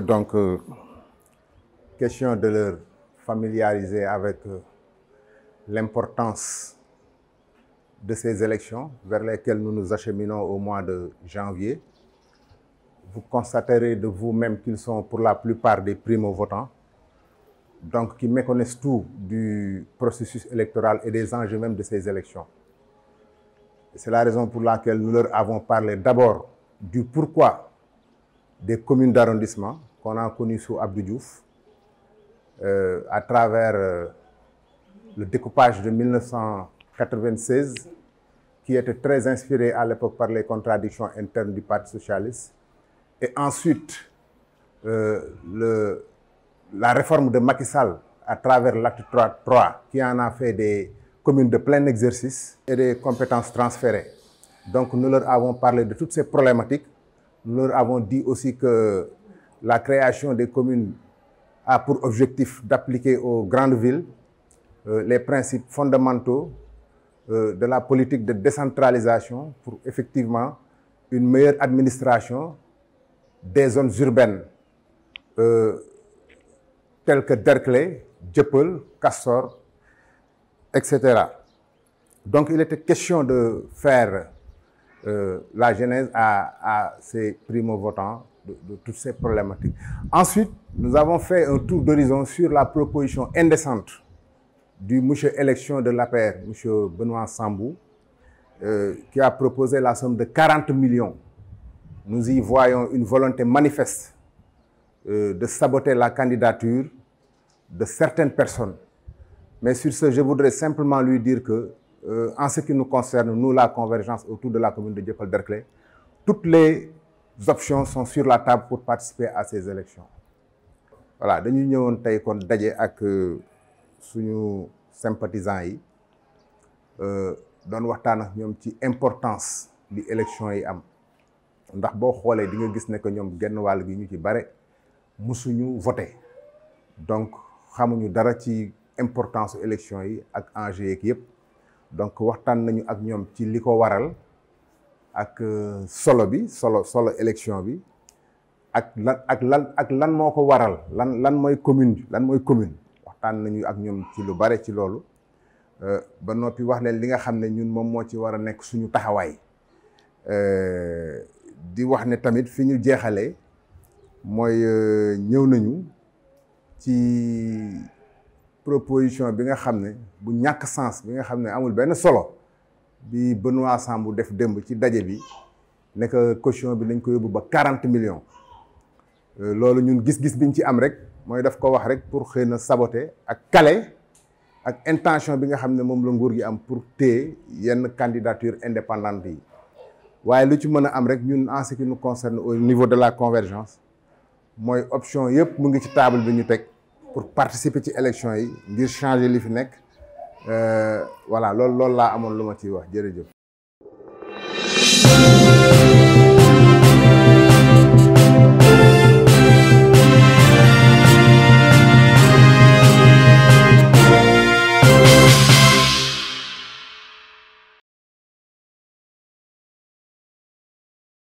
c'était donc euh, question de leur familiariser avec euh, l'importance de ces élections vers lesquelles nous nous acheminons au mois de janvier. Vous constaterez de vous-même qu'ils sont pour la plupart des primo-votants, donc qui méconnaissent tout du processus électoral et des enjeux même de ces élections. C'est la raison pour laquelle nous leur avons parlé d'abord du pourquoi des communes d'arrondissement, qu'on a connu sous Abdou Diouf euh, à travers euh, le découpage de 1996 qui était très inspiré à l'époque par les contradictions internes du Parti socialiste et ensuite euh, le, la réforme de Macky Sall à travers l'acte 3, 3 qui en a des communes de plein exercice et des compétences transférées. Donc nous leur avons parlé de toutes ces problématiques. aussi que la création des communes a pour objectif d'appliquer aux grandes villes euh, les principes fondamentaux euh, de la politique de décentralisation pour effectivement une meilleure administration des zones urbaines euh, telles que Derklé, Dieppel, Castor, etc. Donc il était question de faire euh, la genèse à, à ces primo-votants de, de toutes ces problématiques. Ensuite, nous avons fait un tour d'horizon sur la proposition indécente du monsieur élection de l'APR, monsieur Benoît Sambou, euh, qui a proposé la somme de 40 millions. Nous y voyons une volonté manifeste euh, de saboter la candidature de certaines personnes. Mais sur ce, je voudrais simplement lui dire que, euh, en ce qui nous concerne, nous, la convergence autour de la commune de Dieppel-Derklé, toutes les options sont sur la table pour participer à ces élections voilà dañu ñëwoon tey kon daje ak euh, suñu sympathisants yi euh, doon waxtaan ak ñoom ci importance li élection yi am ndax boo xoolee di gis ne que ñoom genn wàll gi ñu ci bare suñu voté donc xamuñu dara ci importance élection yi ak enjeu yeeg yëpp donc waxtaan nañu ak ñoom ci li ko waral ak euh, solo bi solo solo élection bi ak lan ak lan ak lan moo ko waral lan lan mooy commune lan mooy commune waxtaan nañu ak ñoom ci lu bare ci loolu euh, ba noppi wax leen li nga xam ne ñun moom moo ci war a nekk suñu taxawaay euh, di wax ne tamit fi ñu jeexalee mooy ñëw nañu ci proposition bi nga xam ne bu ñàkk sens bi nga xam ne amul benn solo bi Benoît Sambou def démb ci daje bi nekk cotion bi dañ ko yóbbu ba quarante millions euh, loolu ñun gis-gis biñ ci am rek mooy daf ko wax rek pour xëy na saboter ak kale ak intention bi nga xam ne moom la nguur gi am pour téye yenn candidature indépendante yi waaye lu ci mën a am rek ñun en ce qui concerne au niveau de la convergence mooy option yëpp mu ngi ci table bi ñu teg pour participer ci élection yi ngir changer li fi nekk Euh, voilà loolu loolu laa amoon lu ma ciy wax jërëjëf.